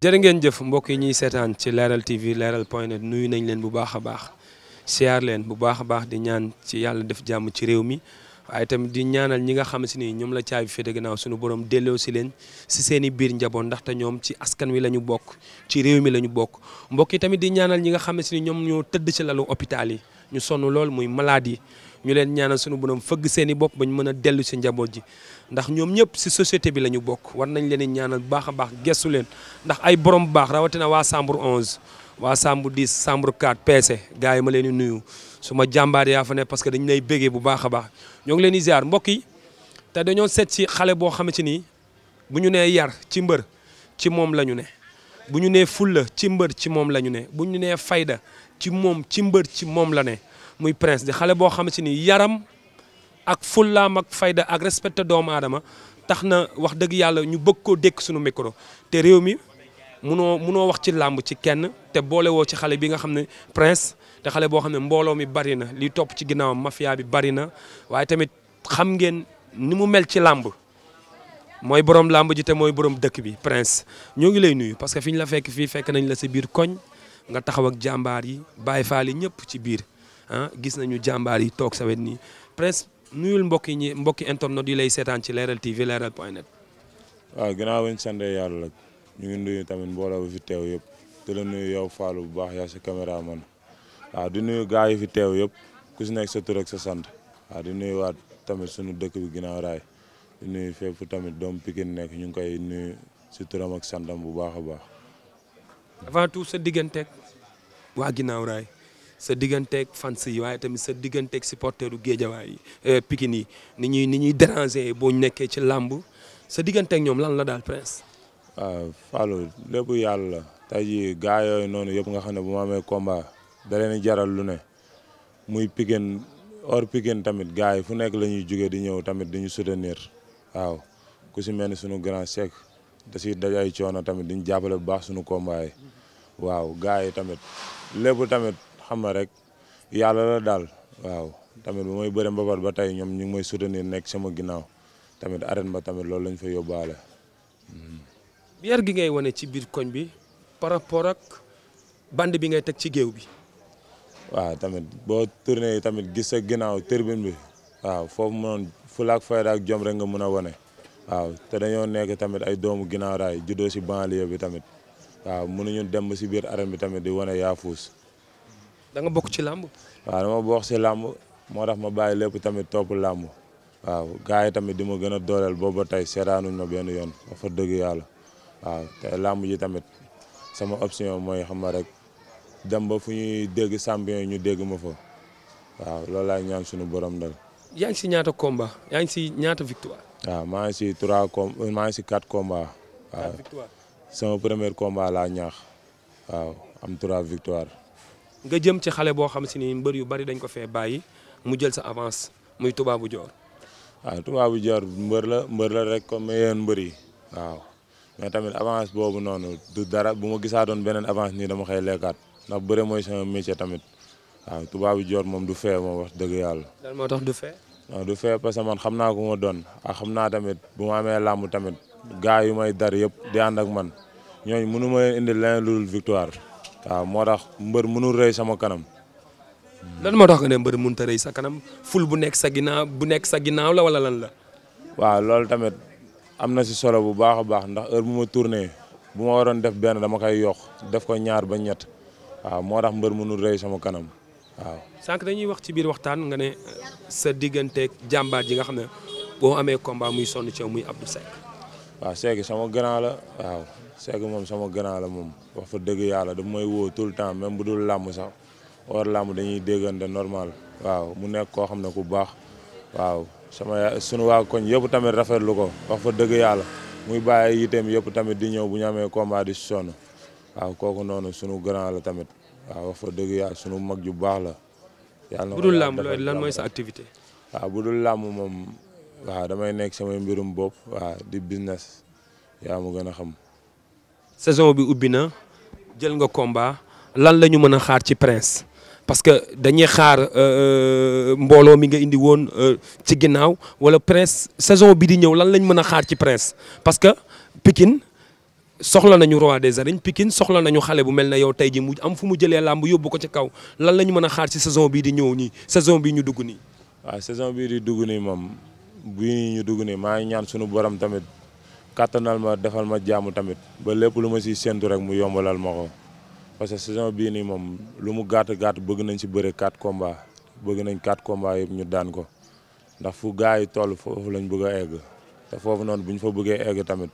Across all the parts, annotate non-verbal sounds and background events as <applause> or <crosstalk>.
jërë ngeen jëf mbokk yi ñuy seetaan ci leeral TV leeral point nuyu nañ leen bu baax a baax siyaar leen bu baax a baax di ñaan ci yàlla def jàmm ci réew mi waaye tamit di ñaanal ñi nga xam ni ñoom la caabi féete gannaaw suñu borom delloo si leen si seeni biir njaboot ndaxte ñoom ci askan wi la ñu bokk ci réew mi la ñu bokk mbokk yi tamit di ñaanal ñi nga xam ni ñoom ñoo tëdd ci lalu hôpital yi ñu sonn lool muy malade yi ñu leen ñaanal suñu borom fëgg seen i bopp ba ñu mën a dellu si njaboot ji ndax ñoom ñëpp si société bi la ñu bokk war nañ leen ñaanal baax a baax gestu leen ndax ay borom baax rawatina waa chambre 11 waa chambre 10 chambre 4 PC yi ma leen di nuyu su ma jàmbaar yaa fa ne parce que dañ lay béggee bu baax baax ñoo ngi leen di ziar yi te dañoo seet si xale boo xamante ni bu ñu nee yar ci mbër ci moom la ñu ne bu ñu nee fulla ci mbër ci moom la ñu ne bu ñu nee fayda ci moom ci mbër ci moom la ne muy prince di xale boo xamante ni yaram ak fullaam ak fayda ak respecté doomu aadama tax na wax dëgg yàlla ñu bëgg koo dékk suñu micro te réew mi munoo munoo wax ci làmb ci kenn te boolewoo ci xale bi nga xam ne prince te xale boo xam ne mbooloo mi bari na li topp ci ginnaawam mafia bi bari na waaye tamit xam ngeen ni mu mel ci làmb mooy borom làmb ji te mooy borom dëkk bi prince ñoo ngi lay nuyu parce que fi ñu la fekk fii fekk nañ la si biir koñ nga taxaw ak jàmbaar yi bàyyi faali ñëpp ci biir ah gis nañu jàmbaar yi toog sa wet nii prince nuyul mbokk yi ñi mbokki internet yi lay seetaan ci leeral tv leeral point net. waaw ginnaaw bañ sant yàlla ñu ngi nuyu tamit mbooloo bi yow Fallou bu baax yaa si caméra man waaw di nuyu gars yi fi teew yëpp ku si nekk sa tur sa sant waaw di nuyu waat tamit suñu dëkk bi ginnaaw raay nuy nuyu fépp tamit doomu Pikine nekk ñu ngi koy nuyu si turam ak santam bu baax a baax. avant tout sa digganteeg waa ginnaaw raay sa digganteeg fans yi waaye tamit sa digganteeg supporteru géejawaay yi eh, Pikine yi ni ñuy ni ñuy déranger boo nekkee ci làmb sa digganteeg ñoom lan la daal Prince. waaw Fallou lépp yàlla la tey jii noonu yëpp nga xam ne bu ma amee combat. da leen jaral lu ne muy Pikine or Pikine tamit gars yi fu nekk lañuy jóge di ñëw tamit di ñu soutenir waaw ku si mel ni sunu grand chef da si daj ay coono tamit di ñu bu baax sunu combat waaw gars yi tamit lépp tamit xam na rek yàlla la daal waaw tamit bu may bëre ba tey ñoom ñu ngi may soutenir nekk sama ginnaaw tamit arène ba tamit loolu lañ fa yóbbaale. yar gi ngay wane ci biir koñ bi par rapport ak band bi ngay teg ci géew bi. waaw tamit boo tourné yi tamit gis sa ginnaaw turbine bi waaw foofu mënoon fulla ak ak jom rek nga mën a wane waaw te dañoo nekk tamit ay doomu ginnaaw raay juddoo si banlieue bi tamit waaw mënuñu dem si biir arène bi tamit di wane yaafuus. da nga bokk ci làmb. waaw dama bokk si làmb moo tax ma bàyyi lépp tamit topp làmb waaw gars yi tamit di ma gën a dooleel booba tey seetaanuñ ma benn yoon wax fa dëgg yàlla waaw te làmb ji tamit sama option mooy xam nga rek. dem fu ñuy dégg champion ñu dégg ma fo waaw loolu laay ñaan suñu borom dal. yaa ngi si ñaata komba yaa ngi si ñaata victoire. waaw maa ngi si trois com maa ngi si sama premier combat laa ñaax waaw am trois victoire. nga jëm ci xale boo xam si ni mbër yu bari dañ ko fee bàyyi mu jël sa avance muy tubaabu joor. waaw tubaabu joor mbëri la mbër la rek comme yeneen mbër waaw mais tamit avance boobu noonu du dara bu ma gisaa doon beneen avance nii dama xëy lekkaat. ndax bëre mooy sama métier tamit waaw tubaabu bi joor moom du fee moom wax dëgg yàlla. lan moo tax du fee. du fee parce que man xam naa ko ma doon ah xam naa tamit bu ma amee làmb tamit gaa yu may dar yëpp di ànd ak man ñooñu mënu ma indi leneen lu dul victoire waaw moo tax mbër mënul rëy sama kanam. lan moo tax nga ne mbër mënut sa kanam ful bu nekk sa ginnaaw bu nekk sa ginnaaw la wala lan la. waaw loolu tamit am na si solo bu baax a baax ndax heure bu ma tourné bu ma waroon def benn dama koy yokk def ko ñaar ba ñett. waaw moo tax mbër mënul rëy sama kanam waaw. sànq dañuy wax ci biir waxtaan nga ne euh, sa digganteeg jàmbaar ji nga xam ne boo amee combat muy sonn ci muy Abdou Seck. waaw Seck sama grand la waaw Seck moom sama grand la moom wax fa dëgg yàlla daf may woo tout le temps même bu dul làmb sax war dañuy déggante normal waaw mu nekk koo xam ne ku baax waaw sama sunu waa koñ yëpp tamit rafetlu ko wax fa dëgg yàlla muy bàyyi yiteem yëpp tamit di ñëw bu ñu amee combat di sonn. waaw kooku noonu sunu grand la tamit waaw wax dëgg yàlla sunu mag ju baax la. yàlla na lan mooy sa activité. waaw moom waaw damay nekk mbirum bopp waaw di business yaa a xam. saison bi ubbi na jël nga komba lan la ñu mën a xaar ci prince. parce que dañuy xaar euh, euh, mbooloo mi nga indi woon euh, ci ginnaaw wala prince saison bi di ñëw lan lañ mën a xaar ci prince parce que Pikine soxla nañu roi des arènes pikin soxla nañu xale bu mel ne yow tey ji mu am fu mu jëlee làmb yóbbu ko ci kaw lan lañu mën a xaar ci saison bii di ñëw nii saison bii ñu dugg nii. saison bii di dugg nii moom bii ñu dugg nii maa ngi ñaan suñu borom tamit kattanal ma defal ma jaamu tamit ba lépp lu ma si séntu rek mu yombalal ma ko parce que saison bii nii moom lu mu gàtt gàtt bëgg nañ si bëre quatre komba bëgg nañ quatre combats yëpp ñu daan ko ndax fu gars yi toll foofu lañ bëgg a egg te foofu noonu bu ñu fa bëggee egg tamit.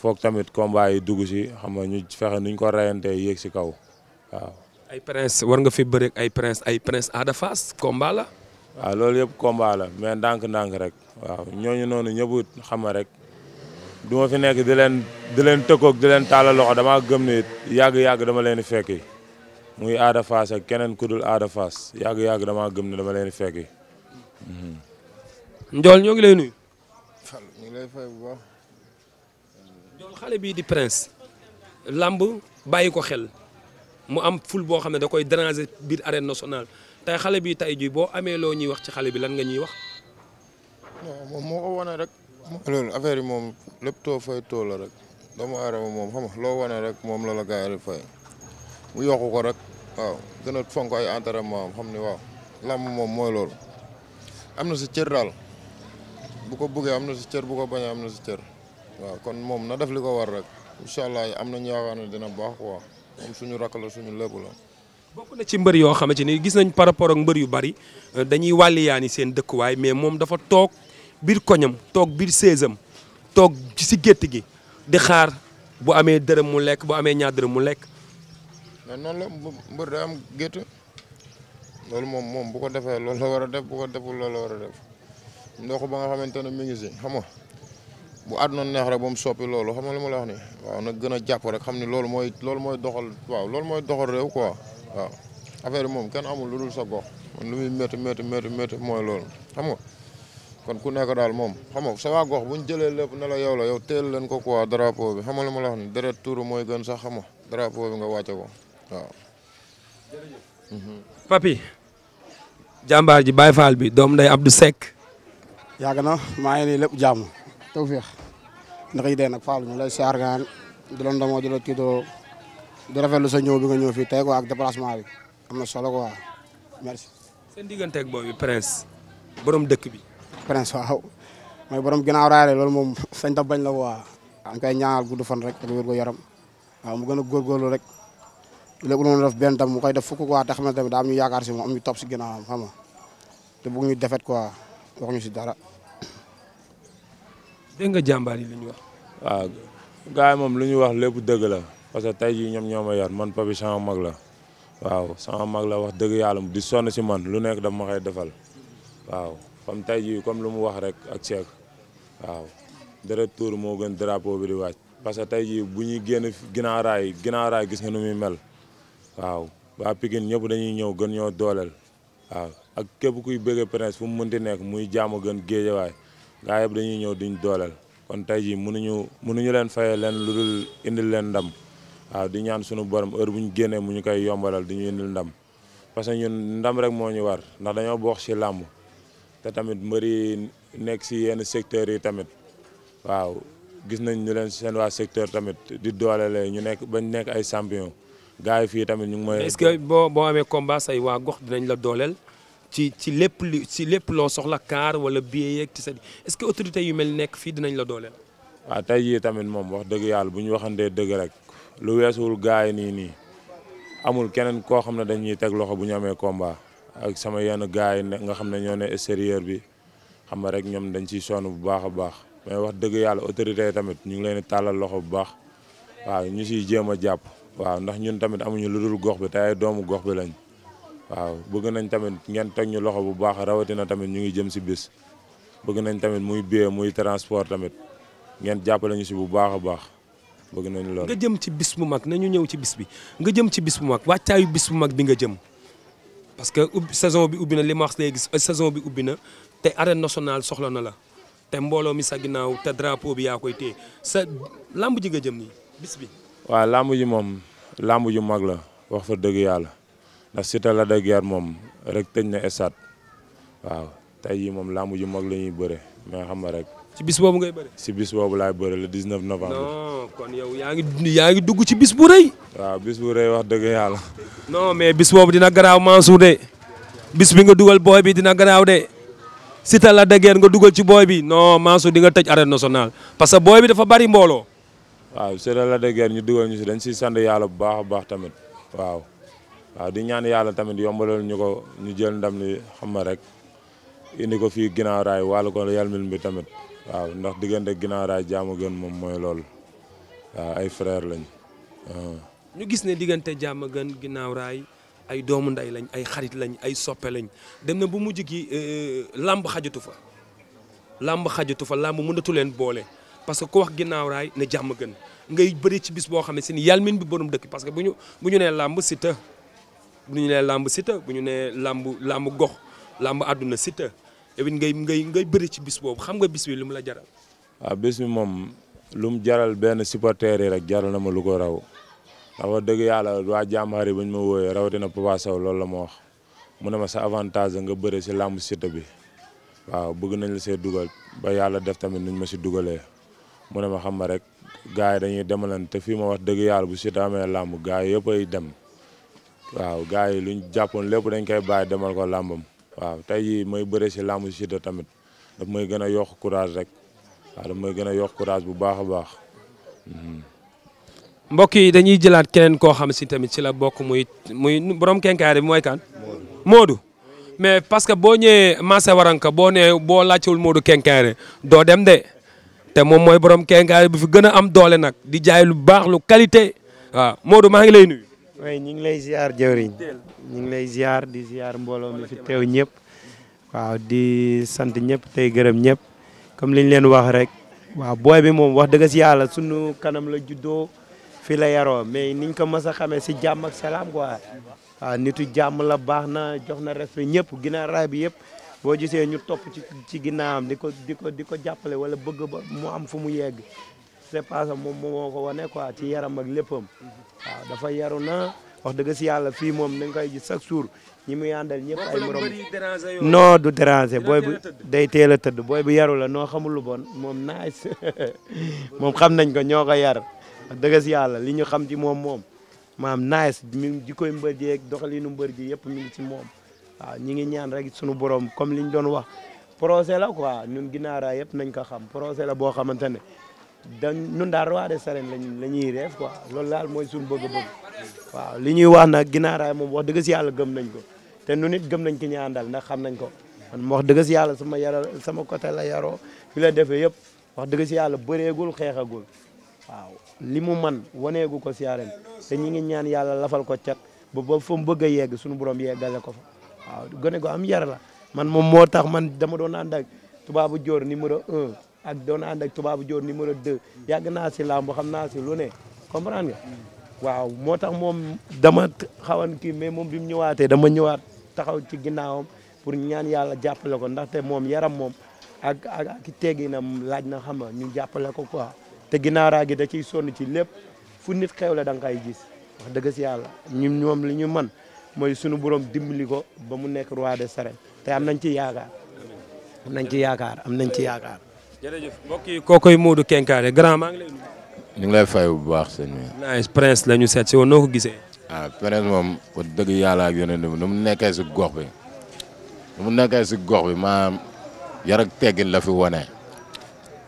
foog tamit combat yi dugg si xam nga ñu fexe nuñ ko rayantee yéeg kaw waaw. ay prince war nga fi bëreeg ay prince ay prince Ada Fass combat la. waaw loolu yëpp combat la mais ndànk-ndànk rek waaw ñooñu noonu ñëpp xam rek du ma fi nekk di leen di leen tëkkoog di leen tàllal loxo dama gëm ne yàgg-yàgg dama leen di fekki muy Ada Fass ak keneen ku dul Ada Fass yàgg-yàgg damaa gëm ne dama leen di fekki. Mhm. Ndiol ñoo ngi lay nuyu. xale bii di prince làmb bàyyi ko xel mu am ful boo xam ne da koy déranger biir arène nationale tey xale bi tey jii boo amee loo ñuy wax ci xale bi lan nga ñuy wax. moom moo wane rek. loolu affaire yi moom lépp too fay too rek doomu aadama moom xam nga loo rek moom la la gars yi fay mu yokku ko rek waaw gën a fonk ay entraînement am xam ni waaw làmb moom mooy loolu am na si cër daal bu ko buggee am na si cër bu ko bañee am na si cër. waaw kon moom na def li ko war rek incha allah am na yaakaar ne dina baax quoi moom suñu rakk la suñu lépp la. bokk na ci mbër yoo xamante ni gis nañ par rapport ak mbër yu bari euh, dañuy wàlliyaani seen dëkkuwaay mais moom dafa toog biir koñam toog biir seesam toog si gétt gi di xaar bu amee dërëm mu lekk bu amee ñaa dërëm mu lekk. mais noonu la mbër day am gétt loolu moom moom bu ko defee loolu la war a def bu ko deful loolu la war a def ndox ba nga xamante ne mi ngi nga bu àdduna neex rek ba mu soppi loolu xam nga li ma waaw nag gën a jàpp rek xam ni loolu mooy loolu mooy doxal waaw loolu mooy doxal réew quoi waaw affaire bi moom kenn amul lu dul sa gox man lu muy métti métti métti métti mooy loolu xam nga kon ku nekk daal moom xam nga sa waa gox bu ñu jëlee lépp ne la yow la yow teel leen ko quoi drapeau bi xam nga li ma la wax nii deret mooy gën sax xam nga drapeau bi nga wàcce ko waaw. Papi jàmbaar ji Baye Fall bi doom day Abdou Seck. yàgg na maa ngi naka yitee nag Fallou ñu lay siyaar gaan di la ndamoo di tiitoo di rafetlu sa ñëw bi nga ñëw fii tey ko ak déplacement bi am na solo ko quoi merci. seen digganteeg boobu prince borom dëkk bi. prince waaw mooy borom ginnaaw raare loolu moom <laughs> sañ ta bañ la quoi dañ koy ñaanal gudd fan rek ak wér gu yaram waaw mu gën a góorgóorlu rek lépp lu def benn tam mu koy def fukk waa te xam ne tamit daa mu ñu yaakaar si moom am ñu topp si ginnaawam te bëgg ñu defet quoi wax ñu si dara. dégg nga jàmbaar yi li ñu wax. waaw gars moom lu ñu wax lépp dëgg la parce que tey jii ñoom ñoo ma yar man papi sama mag la waaw sama mag la wax dëgg yàlla di sonn si man lu nekk dama ma koy defal waaw comme tey jii comme lu mu wax rek ak Cheikh waaw deret moo gën drapeau bi di wàcc. parce que tey jii bu ñuy génn ginnaaw raay ginnaaw gis nga nu muy mel waaw waa Pikine ñëpp dañuy ñëw gën ñoo dooleel waaw ak képp kuy bëggee Prince fu mu nekk muy jaamu gën géejawaay gaa yëpp dañuy ñëw duñu dooleel kon tey jii mënuñu mënuñu leen fayee leen lu dul indil leen ndam waaw di ñaan suñu borom heure bu ñu génnee mu ñu koy yombalal di ñu indil ndam parce que ñun ndam rek moo ñu war ndax dañoo boox si làmb te tamit mbër nekk si yenn secteurs yi tamit waaw gis nañ ñu leen seen waa secteur tamit di dooleele ñu nekk bañ nekk ay champion gars yi fii tamit ñu ngi may. est-ce que boo boo amee combat say waa gox dinañ la dooleel. ci ci lépp li ci lépp loo soxla kaar wala billet yeeg ci sa est autorité yu mel nekk fii dinañ la dooleel. waaw tey jii tamit moom wax dëgg yàlla bu ñu waxantee dëgg rek lu weesuwul gars yi nii nii amul keneen koo xam ne dañuy teg loxo bu ñu amee combat ak sama yenn gars yi nga xam ne ñoo ne extérieur bi xam nga rek ñoom dañ ciy sonn bu baax a baax mais wax dëgg yàlla autorité yi tamit ñu ngi leen di tàllal loxo bu baax waaw ñu siy jéem a jàpp waaw ndax ñun tamit amuñu lu dul gox bi te doomu gox bi lañ. waaw bëgg nañ tamit ngeen teg ñu loxo bu baax rawatina tamit ñu ngi jëm si bis bëgg nañ tamit muy billet muy transport tamit ngeen jàppale ñu si bu baax a baax bëgg nañu lool. nga jëm ci bis bu mag nañu ñëw ci bis bi nga jëm ci bis bu mag wàccaayu bis bu mag bi nga jëm parce que saison bi ubbi na li ma wax léegi saison bi ubbi na te arène nationale soxla na la te mbooloo mi sa ginnaaw te bi yaa koy téye sa làmb ji nga jëm bis bi. waaw làmb ji moom làmb ju mag la wax fa dëgg yàlla. ndax Siteu Lac de moom rek tëj na esat waaw te jii moom làmb ju mag la ñuy bëre mais xam nga rek. ci bis boobu ngay bëre. si bis boobu laay bëre le 19 novembre. non kon yow yaa ngi yaa ngi dugg ci bis bu rëy. waaw bis bu rëy wax dëgg yàlla. non mais bis boobu dina garaaw Mansour de bis bi nga dugal booy bi dina garaaw de Siteu Lac de nga dugal ci booy bi no Mansour di nga tëj arène nationale parce que booy bi dafa bari mbooloo. waaw Siteu Lac de Guiers ñu dugal ñu si dañ yàlla bu baax a baax tamit waaw. waaw di ñaan yàlla tamit yombalal ñu ko ñu jël ndam li xam ma rek indi ko fii ginnaaw raay wàllu ko yalmin bi tamit waaw ndax diggante ginnaaw raay jaamu gën moom mooy loolu waaw ay frère lañ. ñu gis ne diggante jaamu gën ginnaaw raay ay doomu ndey lañ ay xarit lañ ay soppe lañ dem na bu mujj gi euh, lamb xajatu fa. làmb xajatu fa làmb mënatu leen boole parce que ku wax ginnaaw raay ne jàmm gën ngay bëri ci bis boo xam ne si ni yalmin bi borom dëkk parce que bu ñu bu ñu nee làmb si bu ñu nee làmb Siteu bu ñu nee làmb làmb gox làmb àdduna Siteu yow ngay ngay ngay bëri ci bis boobu xam nga bis bi lu mu la jaral. waaw bis bi moom lu mu jaral benn supporter rek jaral na ma lu ko raw ndax dëgg yàlla waa jàmbaar yi ba ma wooyee rawatina Papa Sow loolu la ma wax mu ne ma sa avantage nga bëre si làmb Siteu bi waaw bëgg nañ la see dugal ba yàlla def tamit nuñ ma si dugalee mu ne ma xam ma rek gars yi dañuy demalante te fii ma wax dëgg yàlla bu sit amee làmb gars yi dem. waaw gars yi luñ jàppoon lépp dañ koy bàyyi demal ko làmbam waaw tey jii may bëre si làmb si Siteu tamit daf may gën a yokk courage rek waaw daf may gën a yokk courage bu baax a baax. Mhm. mbokk yi dañuy jëlaat keneen koo xam si tamit si la bokk muy muy borom kenkaari bi mooy kan. Moodu mais parce que boo ñëwee Massé Waranka boo nee boo laajtewul Moodu kenkaari doo dem de te moom mooy borom kenkaari bi fi gën a am doole nag di jaay lu baax lu qualité waaw Moodu maa ngi lay nuyu. waaye ñu ngi lay ziar jëwriñ ñu ngi lay ziar di ziar mbooloo mi fi teew ñëpp waaw di sant ñëpp tey gërëm ñëpp comme liñ leen wax rek waaw booy bi moom wax dëgg si yàlla sunu kanam la juddoo fi la yaroo mais niñ ko mës a xamee si jàmm ak salaam quoi waaw nitu jàmm la baax na jox na respect ñëpp Guinaar Rail bi yëpp boo gisee ñu topp ci ci ginnaawam di ko di ko jàppale wala bëgg ba mu am fu mu yegg dépasse moom moo ko wane quoi ci yaram ak léppam waaw dafa yar na wax dëgg si yàlla fii moom da nga koy gis chaque jour ñi muy àndal ñëpp ay morom non du déranger booy bu day teel a tëdd booy bu yaru la noo xamul lu bon moom nice <laughs> moom xam nañ ko ñoo ko yar wax yàlla li ñu xam ji moom moom maam nice mi di koy mbër ji ak doxalinu mbër ji yëpp mi ngi ci moom a ñi ngi ñaan rek sunu borom comme liñ doon wax projet la quoi ñun ginnaara yëpp nañ ko xam projet la boo xamante ne dañ ñun daal roi des arènes lañ la ñuy def quoi loolu daal mooy suñu bëgg-bëgg waaw li ñuy wax nag ginaaraay moom wax dëgg si yàlla gëm nañ ko te nu nit gëm nañ ki ñu àndal ndax xam nañ ko man wax dëgg si yàlla sama yara sama côté la yaroo fi la defee yëpp wax dëgg si yàlla bëreegul xeexagul waaw li mu man waneegu ko si arène te ñi ngi ñaan yàlla lafal ko cat ba ba fa mu bëgg a yegg suñu borom yeggale ko fa waaw gone ko am yar la man moom moo tax man dama doon ànd ak tubaabu joor numéro un ak doon ànd tubaabu joor numéro 2. yàgg naa si làmb xam naa si lu ne comprendre waaw moo tax moom dama xawan kii mais moom bi mu ñëwaatee dama ñëwaat taxaw ci ginnaawam pour ñaan yàlla jàppale ko ndaxte moom yaram moom ak ak ak tegginam laaj na xam nga ñu jàppale ko quoi. te ginnaaraa gi da ciy sonn ci lépp fu nit xew la da nga koy gis wax dëgg si yàlla ñun ñoom li ñu man mooy sunu borom dimbali ko ba mu nekk roi des arènes te am nañ ci yaakaar am nañ ci yaakaar am nañ ci yaakaar. jërëjëf mbokk yi kookoy Modou Kenkare grand maa ngi lay nuyu. ñu ngi lay fay bu baax sëñ bi. nice prince seet si woon ko gisee. ah prince moom wax dëgg yàlla ak yeneen nu mu nekkee si gox bi nu mu nekkee si gox bi maanaam yar teggin la fi wone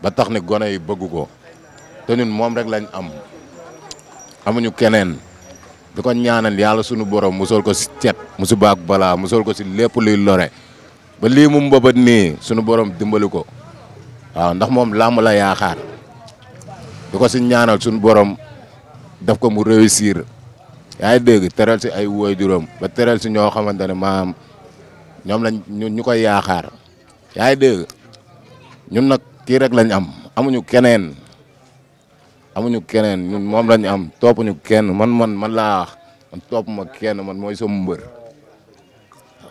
ba tax ni gone yi bëgg ko te ñun moom rek lañ am amuñu keneen di ko ñaanal yàlla sunu borom musal ko si cet musu baak balaa musal ko si lépp luy lone ba liimu mu mbëbët nii sunu borom dimbali ko. waaw ndax moom làmb la yaakaar di ko si ñaanal suñu borom daf ko mu réussir yaa ngi dégg teral si ay woy juróom ba teral si ñoo xamante ne maam ñoom lañ ñu koy yaakaar yaa ngi dégg ñun nag kii rek lañ am amuñu keneen amuñu keneen moom lañ am toppuñu kenn man man man laa wax man ma kenn man mooy sama mbër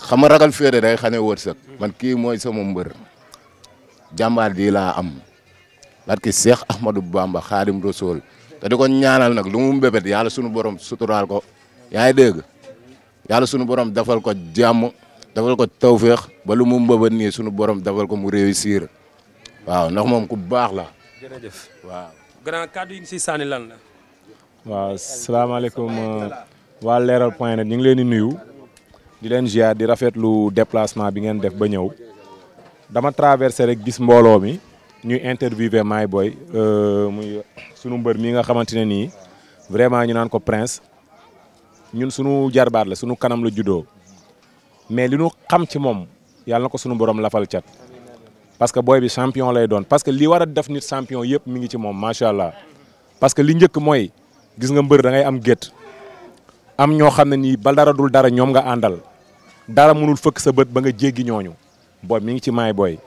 xam nga ragal féete day xane wërsëg man kii mooy sama mbër. jàmbaar ji laa am barki Seex Ahmadou Bamba Xaadim Rasuul te di ko ñaanal nag lu mu mbébét yàlla sunu borom suturaal ko yaa ngi dégg yàlla sunu borom dafal ko jàmm dafal ko tawféex ba lu mu mbébét nii sunu borom dafal ko mu réussir waaw ndax moom ku baax la. jërëjëf waaw. grand kàddu yi nga si sànni lan la. waaw salaamaaleykum euh, waa leeral point net ñu ngi leen di nuyu di leen ziar di rafetlu déplacement bi ngeen def ba ñëw. dama traversé rek gis mbooloo mi ñuy interviewé maay booy euh, muy sunu mbër mii nga xamante ne nii vraiment ñu naan ko prince ñun sunu jarbaat la sunu kanam la juddoo mais li nu xam ci moom yàlla na ko sunu borom lafal cat parce que booy bi champion lay doon parce que li war a def nit champion yëpp mu ngi ci moom macha allah parce que li njëkk mooy gis nga mbër da ngay am gétt am ñoo xam ne nii ba dara dul dara ñoom nga àndal dara mënul fëkk sa bët ba nga jéggi ñooñu. booy mi ngi ci maay booy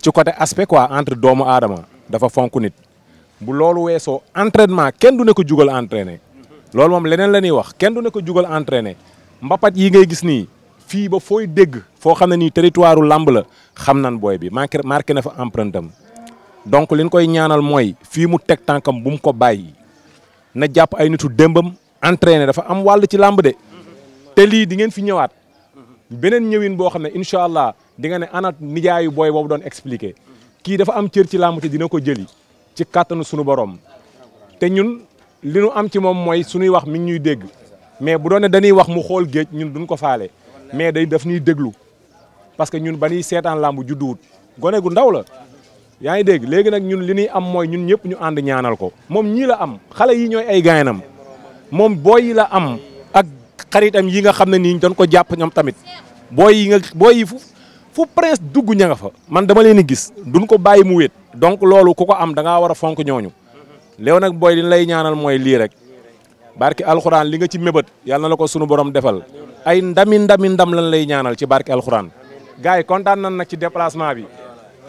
ci côté aspec quoi entre doomu aadama dafa fonk nit bu loolu weesoo entraînement kenn du ne ko jugal entraîner loolu moom leneen la ñuy wax kenn du ne ko jugal entraîner mbapat yi ngay gis nii fii ba fooy dégg foo xam ne nii territoire làmb la xam nan booy bi marqué marqué na fa empreinte am donc li koy ñaanal mooy fii mu teg tànkam bu mu ko bàyyi na jàpp ay nitu démbam entraîner dafa am wàll ci làmb de te lii di ngeen fi ñëwaat beneen ñëwin boo xam ne incha allah. di nga ne ana nijaayu booy boobu doon expliqué kii dafa am cër ci làmbu te dina ko jëli ci kàttanu sunu borom te ñun li nu am ci moom mooy suñuy wax mi ngi ñuy dégg mais bu doon ne dañuy wax mu xool géej ñun duñ ko faale mais day daf ñuy déglu parce que ñun ba ñuy seetaan làmb judduwut gone gu ndaw la yaa ngi dégg léegi nag ñun li ñuy am mooy ñun ñëpp ñu ànd ñaanal ko moom ñii la am xale yi ñooy ay gaynam moom booy yi la am ak xaritam yi nga xam ne nii dañ ko jàpp ñoom tamit booy yi nga fu prince dugg ña nga fa man dama leen gis duñ ko bàyyi mu wéet donc loolu ku ko am da ngaa war a fonk ñooñu léew nag booy li lay ñaanal mooy lii rek barke alxuraan li nga ci mébét yàlla na la ko sunu borom defal ay ndami ndami ndam lan lay ñaanal ci barke alxuraan yi kontaan nan nag ci déplacement bi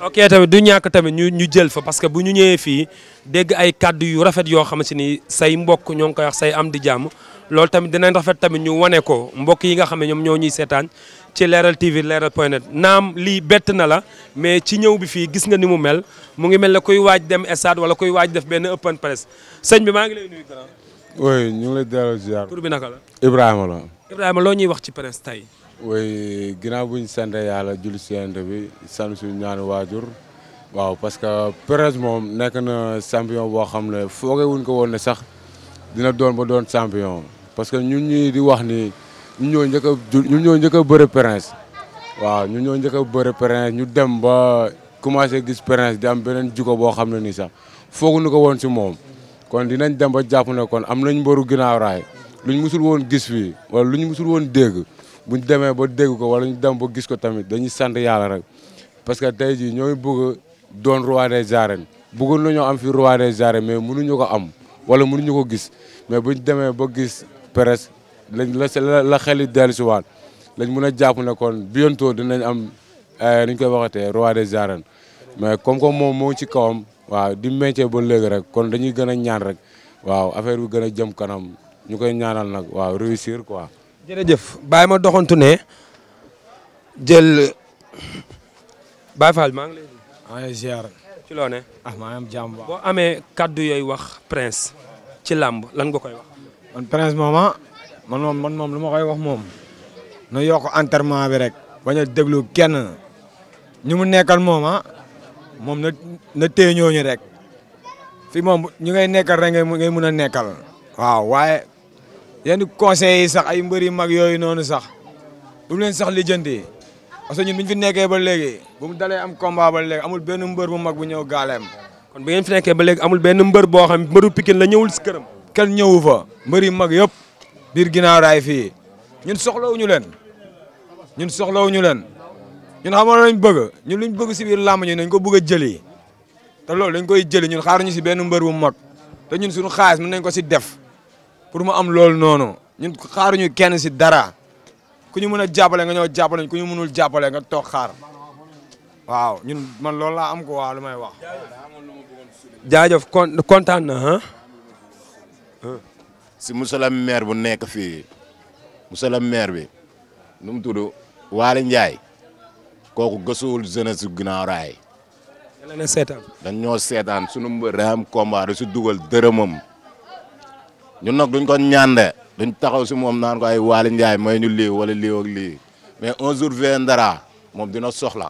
ok tamit du ñàkk tamit ñu ñu jël fa parce que bu ñu ñëwee fii dégg ay kàddu yu rafet yoo xamante ni say mbokk ñoo ngi koy wax say am di jàmm loolu tamit dinañ rafet tamit ñu wane ko mbokk yi nga xam ne ñoom ñoo ñuy seetaan ci leeral TV leeral point net naam lii bett na la mais ci ñëw bi fii gis nga ni mu mel mu ngi mel ne kuy waaj dem stade wala koy waaj def benn open press sëñ bi maa ngi lay nuyu grand. oui bi naka la. Ibrahima la. Ibrahima loo ñuy wax ci presse tey. oui ginnaaw bu ñu sant yàlla julli si bi sant suñu ñaanu waajur. waaw parce que presse moom nekk na champion boo xam ne foogee wuñ ko woon ne sax dina doon ba doon champion parce que ñun ñii di wax ni. ñun ñoo njëkk ñu ñun ñoo njëkk a bëre Prince waaw ñu ñoo njëkk a bëre Prince ñu dem ba commencé gis Prince di am beneen jikko boo xam ne ni sax foogu nu ko woon si moom kon dinañ dem ba jàpp ne kon am nañ mboru ginnaaw lu ñu musul woon gis fii wala lu ñu musul woon bu ñu demee ba dégg ko wala ñu dem ba gis ko tamit dañuy sant yàlla rek parce que tey jii ñooy bëgg doon roi des arènes bëggoon nañoo am fi roi des arènes mais mënuñu ko am wala mënuñu ko gis mais buñ demee ba gis Prince lañ la la xel it dellu lañ mun a jàpp ne kon bientôt dinañ am eh, ni koy waxatee roi des arènes mais comme comme moom moo ngi ci kawam waaw di métier ba léegi rek kon dañuy gën a ñaan rek waaw affaire bu gën a jëm kanam ñu koy ñaanal nag waaw réussir quoi. jërëjëf bàyyi ma doxantu ne jël Baye Fall maa ngi ci loo ne. Ah, amee kaddu yooyu wax prince ci làmb lan nga koy wax. man prince mooma man moom man moom lu ma koy wax moom na yokk entraînement bi rek bañ a déglu kenn ñu mu nekkal moom ah, moom na na téye ñooñu rek fi moom ñu ngay nekkal rek ngay mun a nekkal. waaw waaye yenn conseils yi sax ay mbër yu mag yooyu noonu sax bu mu leen sax lijjanti parce que ñun bi ñu fi nekkee ba léegi bu mu dalee am combat ba léegi amul benn mbër bu mag bu ñëw gaaleem. kon bi ngeen fi nekkee ba léegi amul benn mbër boo xam mbëru Pikine la ñëwul si këram. kenn ñëwu fa mbër yu mag yëpp. biir ginnaaw raay fii ñun soxlawuñu leen ñun soxlawuñu leen ñun xamoon lañ bëgg ñun luñ bëgg si biir làmb ñu nañ ko bëgg a jëli te loolu dañ koy jëli ñun xaaruñu si benn mbër bu te ñun suñu xaalis mën nañ ko si def pour mu am loolu noonu ñun xaaruñu kenn si dara ku ñu mën a jàppale nga ñoo jàppale ku ñu mënul jàppale nga toog xaar waaw ñun man loolu laa am ko waaw lu may wax. jaajëf kontaan si musala maire bu nekk fii musala maire bi nu mu tudd Waly Ndiaye kooku gësuwul jeunesse su ginnaaw raay. dañ ne dañ ñoo seetaan sunu mbër daa am combat du si dugal dërëmam ñu nag duñ ko ñaande duñ taxaw si moom naan ko ay Waly Ndiaye ñu lii wala lii ak lii mais un jour viendra moom dina soxla.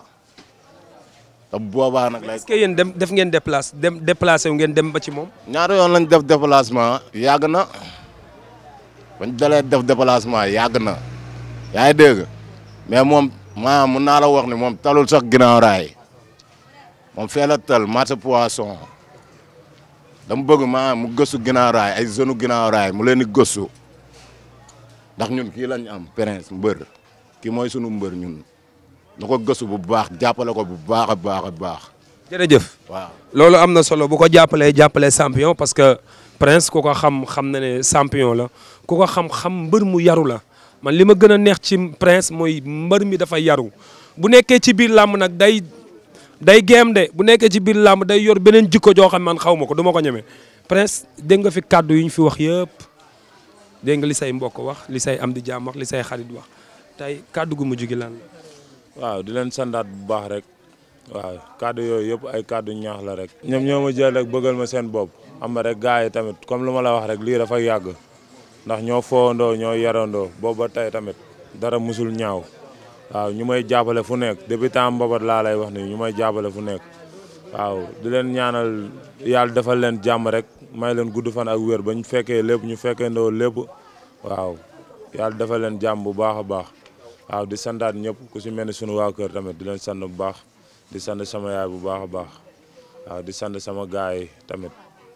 te boobaa nag lay. est-ce dem def ngeen déplace dem déplacé wu ngeen dem ba ci moom. ñaata yoon lañ def déplacement yàgg na. bañ dalee def déplacement yàgg na yaa ngi dégg mais moom maa mun naa la wax ne moom talul sax ginnaaw raay moom fee la tal marché poisson dama bëgg maa mu gëstu ginnaaw raay ay zone u ginnaaw raay mu leen di gëstu ndax ñun kii lañ am prince mbër kii mooy sunu mbër ñun na ko gëstu bu baax jàppale ko bu baax a baax a baax. loolu am solo bu ko jàppalee jàppale champion parce que. Prince ku ko xam xam na ne champion la ku xam xam mbër mu yaru la man li ma gën a neex ci Prince mooy mbër mi dafa yaru bu nekkee ci biir làmb nag day day géem de bu nekkee ci biir làmb day yor beneen jikko joo xam man xaw ma ko du ko ñeme Prince dégg nga fi kàddu yi ñu fi wax yëpp dégg nga li say mbokk wax li say am di jaam wax li say xarit wax tey kàddu gu mujj gi lan la. waaw di leen sandaat bu baax rek waaw kàddu yooyu yëpp ay kàddu ñaax la rek. ñoom ñoo ma jël ma seen bopp. am rek gars yi tamit comme lu ma la wax rek lii dafa yàgg ndax ñoo foowandoo ñoo yarandoo boobu ba tey tamit dara musul ñaaw waaw ñu may jàppale fu nekk débutant mbabat laa wax nii ñu may jàppale fu nekk waaw di leen ñaanal yàlla defal leen jàmm rek may leen gudd fan ak wér ba ñu fekkee lépp ñu fekkee ndoo lépp waaw yàlla defal leen jàmm bu baax a baax waaw di santaat ñëpp ku si mel ni sunu waa kër tamit di leen sant bu baax di sand sama yaay bu baax a baax waaw di sand sama gaay yi tamit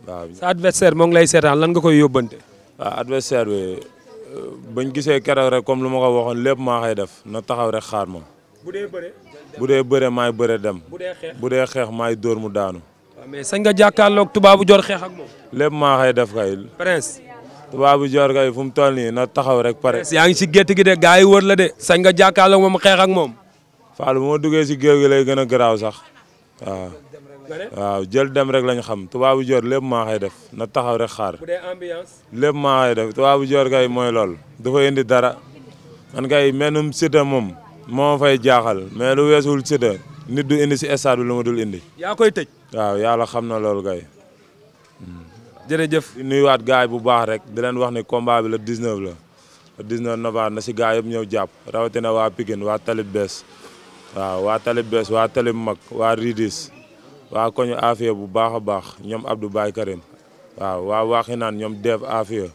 waaw sa adversaire moo ngi lay seetaan lan nga koy yóbbante. waaw adversaire bi euh, bañ gisee keroog rek comme lu ma ko waxoon lépp maa koy def na taxaw rek xaar ma. bu dee bu dee bëre maay bëre dem. bu dee xeex bu dee xeex maay dóor mu daanu. waaw mais sañ nga jàkkaarloog tubaabu jor xeex ak moom. lépp maa koy def kay. prince. tubaabu jor kay fu mu toll nii na taxaw rek pare. yaa ngi si gétt gi de gars yi wër la de. sañ nga jàkkaarloog moom xeex ak moom. Fall bu ma duggee si géew gi lay gën a garaaw sax waaw. waaw jël dem rek lañ xam tubaabu joor lépp maa koy def na taxaw rek xaar. bu dee ambiance. lépp def tubaabu joor kay mooy lool. du fa indi dara man kay menum Siteu moom moo fay jaaxal mais lu weesul Siteu nit du indi si stade bi lu ma dul indi. yaa koy tëj. waaw yàlla xam na loolu kay. jërëjëf nuyuwaat gaay bu baax rek di leen wax ni combat bi le 19 la le 19 novembre na si gaay yëpp ñëw jàpp rawatina waa Pikine waa Talib Bees waaw waa Talib Bees waa Talib Mag waa waa koñu Afia bu baax a baax ñoom Abdou Baye Karim waaw waa waaxi naan ñoom Dev Afia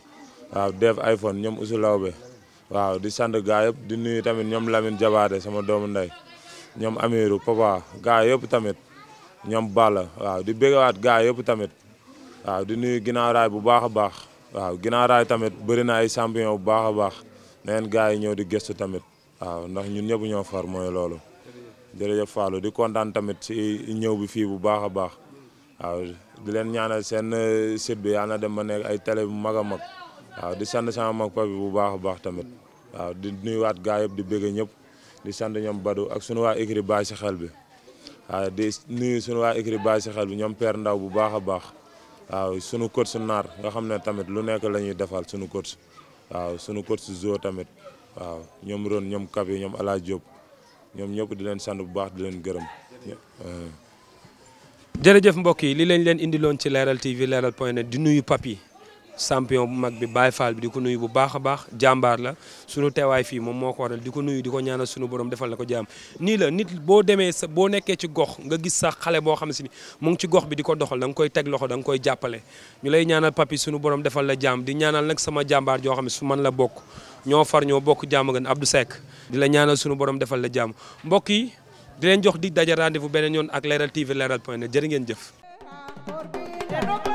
waaw Dev iPhone ñoom Usu Lawbe waaw di sant gaa yëpp di nuyu tamit ñoom lamin Jabaate sama doomu ndey ñoom Amirou Papa gaa yëpp tamit ñoom Balla waaw di bëggawaat gaa yëpp tamit waaw di nuyu ginnaaw raay bu baax a baax waaw ginnaaw tamit bëri na ay champion bu baax a baax neen gaa yi ñëw di gëstu tamit waaw ñun ñëpp ñoo far mooy loolu jërëjëf Fallou di kontaan tamit si ñëw bi fii bu baax a baax waaw di leen ñaanal seen euh, site bi yàlla dem ba nekk ay télé bu mag a mag waaw di sant sama mag papi bu baax a baax tamit waaw di nuyuwaat gaa yëpp di bëgg ñëpp di sand ñoom Badu ak sunu waa écrit baay si xel bi waaw di nuy sunu waa écrit baay si xel bi ñoom Père Ndaw bu baax a baax waaw sunu coach su naar nga xam ne tamit lu nekk la ñuy defal sunu coach waaw sunu coach su zoo tamit waaw ñoom Ron ñoom Kabi ñoom Alaaji Diop ñoom ñëpp di leen sant bu baax di leen gërëm. jërëjëf mbokk yi li leen indiloon ci leeral TV leeral point net di nuyu papi champion bu mag bi Baye Fall bi di ko nuyu bu baax a baax jàmbaar la sunu teewaay fii moom moo ko waral di ko nuyu di ko ñaanal sunu borom defal la ko jaam nii la nit boo demee sa boo nekkee ci gox nga gis sax xale boo xam si ni moom ci gox bi di ko doxal da nga koy teg loxo da nga koy jàppale ñu lay ñaanal papi sunu borom defal la jaam di ñaanal nag sama jàmbaar joo xam ne su man la bokk ñoo far ñoo bokk jàmm gan Abdou Seck di la ñaanal sunu borom defal la jàmm mbokk yi di leen jox dig daje rendez-vous beneen yoon ak Leral TV Leral point net jërë ngeen jëf